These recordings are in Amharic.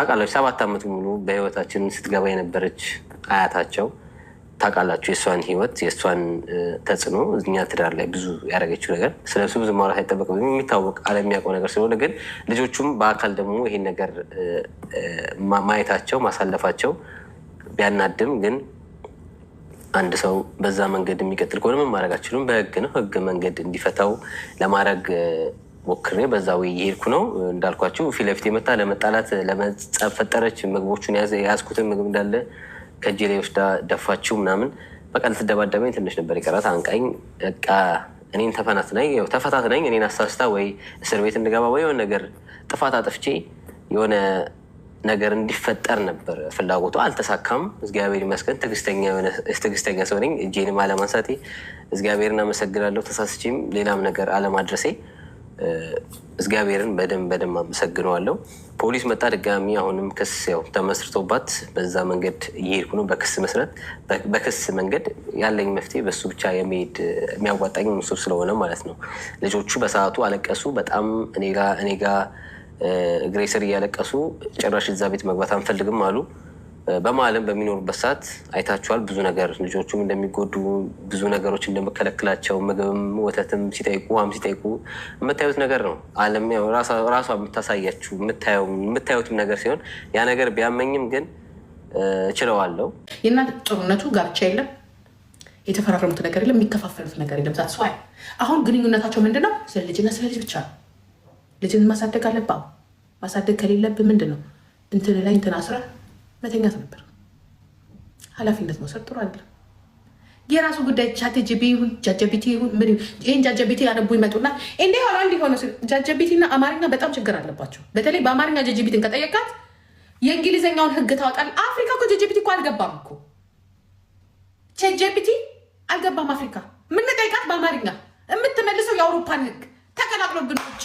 ታውቃላችሁ፣ ሰባት ዓመት ሙሉ በህይወታችን ስትገባ የነበረች አያታቸው ታውቃላችሁ፣ የእሷን ህይወት የእሷን ተጽዕኖ እኛ ትዳር ላይ ብዙ ያደረገችው ነገር ስለሱ ብዙ ማውራት አይጠበቅም። የሚታወቅ ዓለም የሚያውቀው ነገር ስለሆነ ግን ልጆቹም በአካል ደግሞ ይሄን ነገር ማየታቸው ማሳለፋቸው ቢያናድም ግን አንድ ሰው በዛ መንገድ የሚቀጥል ከሆነ ምን ማድረግ አችሉም። በህግ ነው ህግ መንገድ እንዲፈታው ለማድረግ ሞክሬ በዛ ወይ የሄድኩ ነው እንዳልኳቸው ፊት ለፊት የመጣ ለመጣላት ለመጻፍ ፈጠረች። ምግቦቹን የያዝኩትን ምግብ እንዳለ ከእጄ ላይ ወስዳ ደፋችው ምናምን በቃ ልትደባደበኝ ትንሽ ነበር የቀራት። አንቃኝ በቃ እኔን ተፈናትናኝ ተፈታትናኝ እኔን አሳስታ ወይ እስር ቤት እንድገባ ወይ የሆነ ነገር ጥፋት አጥፍቼ የሆነ ነገር እንዲፈጠር ነበር ፍላጎቱ። አልተሳካም። እግዚአብሔር ይመስገን። ትዕግስተኛ ሰው ነኝ። እጄንም አለማንሳቴ እግዚአብሔርን አመሰግናለሁ። ተሳስቼም ሌላም ነገር አለማድረሴ እግዚአብሔርን በደንብ በደንብ አመሰግነዋለሁ። ፖሊስ መጣ ድጋሚ አሁንም ክስ ያው ተመስርቶባት በዛ መንገድ እየሄድኩ ነው። በክስ መስረት በክስ መንገድ ያለኝ መፍትሄ በሱ ብቻ የሚሄድ የሚያዋጣኝ ምሱ ስለሆነ ማለት ነው። ልጆቹ በሰዓቱ አለቀሱ። በጣም እኔ ጋ እግሬ ስር እያለቀሱ ጭራሽ እዛ ቤት መግባት አንፈልግም አሉ። በማለም በሚኖሩበት ሰዓት አይታችኋል። ብዙ ነገር ልጆቹም እንደሚጎዱ ብዙ ነገሮች እንደመከለክላቸው ምግብም ወተትም ሲጠይቁ ውሃም ሲጠይቁ የምታዩት ነገር ነው። ዓለም ራሷ የምታሳያችሁ የምታዩትም ነገር ሲሆን ያ ነገር ቢያመኝም ግን እችለዋለሁ። የእናንተ ጥሩነቱ ጋብቻ የለም፣ የተፈራረሙት ነገር የለም፣ የሚከፋፈሉት ነገር የለም። ዛት ሰዋይ አሁን ግንኙነታቸው ምንድን ነው? ስለ ልጅና ስለ ልጅ ብቻ ልጅን ማሳደግ አለባ ማሳደግ ከሌለብህ ምንድን ነው እንትን ላይ እንትን አስራ መተኛት ነበር። ኃላፊነት መውሰድ ጥሩ አይደለም። የራሱ ጉዳይ ቻትጂቢ ይሁን ጃጀቢቲ ይሁን ምን ይህን ጃጀቢቲ ያነቡ ይመጡና እንዲ ሆነ እንዲ ሆነ። ጃጀቢቲና አማርኛ በጣም ችግር አለባቸው። በተለይ በአማርኛ ጃጀቢቲን ከጠየቃት የእንግሊዝኛውን ህግ ታወጣል። አፍሪካ እኮ ጃጀቢቲ እኮ አልገባም እኮ ቻትጂፒቲ አልገባም አፍሪካ። ምንጠይቃት በአማርኛ የምትመልሰው የአውሮፓን ህግ ተቀላቅሎ ብኖች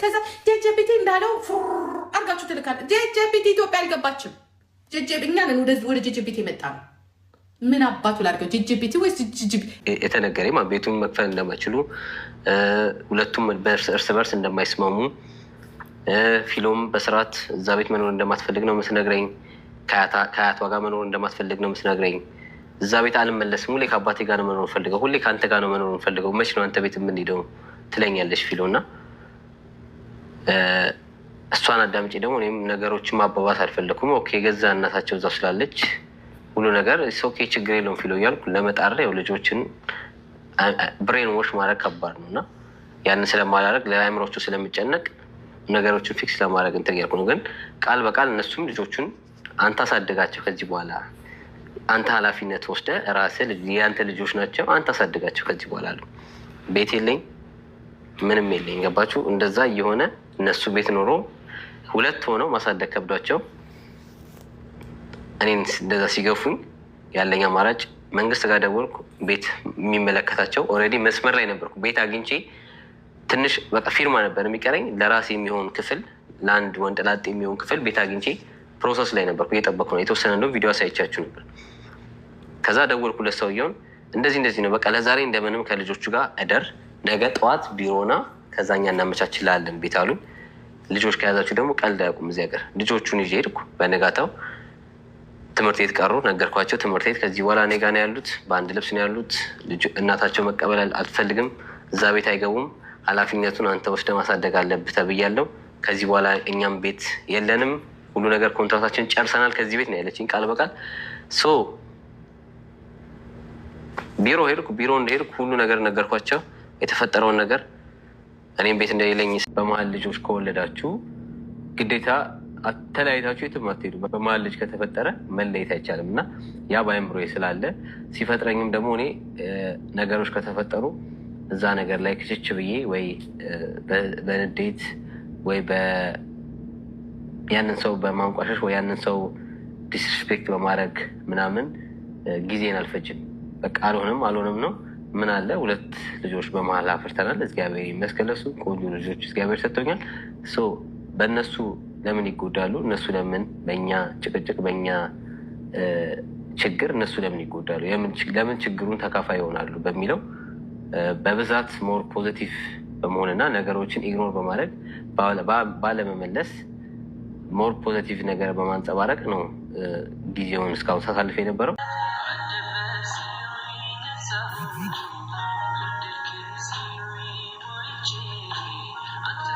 ከዛ ጃጀቢቲ እንዳለው አርጋችሁ ትልካለ። ጃጀቢቲ ኢትዮጵያ አልገባችም። እኛ ነን ወደ ጅጅ ቤት የመጣ ነው። ምን አባቱ ላድርገው? ጅጅቢት ወይስ የተነገረ ማ ቤቱን መክፈል እንደማይችሉ ሁለቱም እርስ በርስ እንደማይስማሙ ፊሎም በስርዓት እዛ ቤት መኖር እንደማትፈልግ ነው ምትነግረኝ። ከአያቷ ጋር መኖር እንደማትፈልግ ነው ምትነግረኝ። እዛ ቤት አልመለስም፣ ሁሌ ከአባቴ ጋር ነው መኖር ፈልገው፣ ሁሌ ከአንተ ጋር ነው መኖር ፈልገው፣ መች ነው አንተ ቤት የምንሄደው ትለኛለች ፊሎ እና እሷን አዳምጬ ደግሞ እኔም ነገሮችን ማባባት አልፈለኩም። ኦኬ የገዛ እናታቸው እዛ ስላለች ሁሉ ነገር ሰውኬ ችግር የለውም ፊለው እያልኩ ለመጣር ያው ልጆችን ብሬን ዎሽ ማድረግ ከባድ ነው እና ያንን ስለማላደርግ ለአይምሮቹ ስለምጨነቅ ነገሮችን ፊክስ ለማድረግ እንትን እያልኩ ነው። ግን ቃል በቃል እነሱም ልጆቹን አንተ አሳድጋቸው ከዚህ በኋላ አንተ ኃላፊነት ወስደ ራስ የአንተ ልጆች ናቸው አንተ አሳድጋቸው ከዚህ በኋላ አሉ። ቤት የለኝ ምንም የለኝ ገባችሁ? እንደዛ እየሆነ እነሱ ቤት ኖሮ ሁለት ሆነው ማሳደግ ከብዷቸው እኔን እንደዛ ሲገፉኝ ያለኝ አማራጭ መንግስት ጋር ደወልኩ። ቤት የሚመለከታቸው ኦልሬዲ መስመር ላይ ነበርኩ። ቤት አግኝቼ ትንሽ በቃ ፊርማ ነበር የሚቀረኝ ለራሴ የሚሆን ክፍል፣ ለአንድ ወንደላጤ የሚሆን ክፍል ቤት አግኝቼ ፕሮሰስ ላይ ነበርኩ። እየጠበኩ ነው። የተወሰነ እንደው ቪዲዮ አሳይቻችሁ ነበር። ከዛ ደወልኩ ለሰውየውን እንደዚህ እንደዚህ ነው በቃ ለዛሬ እንደምንም ከልጆቹ ጋር እደር፣ ነገ ጠዋት ቢሮና ከዛኛ እናመቻችላለን ቤት አሉኝ። ልጆች ከያዛችሁ ደግሞ ቀልድ አያውቁም እዚህ ሀገር። ልጆቹን ይዤ ሄድኩ። በነጋታው ትምህርት ቤት ቀሩ። ነገርኳቸው፣ ትምህርት ቤት ከዚህ በኋላ እኔ ጋ ነው ያሉት፣ በአንድ ልብስ ነው ያሉት። እናታቸው መቀበል አትፈልግም፣ እዛ ቤት አይገቡም፣ ኃላፊነቱን አንተ ወስደ ማሳደግ አለብህ ተብያለሁ። ከዚህ በኋላ እኛም ቤት የለንም፣ ሁሉ ነገር ኮንትራታችን ጨርሰናል፣ ከዚህ ቤት ነው ያለችኝ ቃል በቃል ሶ ቢሮ ሄድኩ። ቢሮ እንደሄድኩ ሁሉ ነገር ነገርኳቸው የተፈጠረውን ነገር እኔም ቤት እንደሌለኝ በመሀል ልጆች ከወለዳችሁ ግዴታ ተለያይታችሁ የትም አትሄዱ። በመሀል ልጅ ከተፈጠረ መለየት አይቻልም እና ያ በአይምሮ ስላለ ሲፈጥረኝም ደግሞ እኔ ነገሮች ከተፈጠሩ እዛ ነገር ላይ ክችች ብዬ ወይ በንዴት ወይ ያንን ሰው በማንቋሸሽ ወይ ያንን ሰው ዲስሪስፔክት በማድረግ ምናምን ጊዜን አልፈጅም። በቃ አልሆንም አልሆንም ነው ምን አለ ሁለት ልጆች በመሀል አፍርተናል። እግዚአብሔር ይመስገን። እሱ ቆንጆ ልጆች እግዚአብሔር ሰጥቶኛል። በእነሱ ለምን ይጎዳሉ? እነሱ ለምን በእኛ ጭቅጭቅ፣ በእኛ ችግር እነሱ ለምን ይጎዳሉ? ለምን ችግሩን ተካፋይ ይሆናሉ? በሚለው በብዛት ሞር ፖዘቲቭ በመሆንና ነገሮችን ኢግኖር በማድረግ ባለመመለስ ሞር ፖዘቲቭ ነገር በማንጸባረቅ ነው ጊዜውን እስካሁን ሳሳልፍ የነበረው። I Mm-hmm.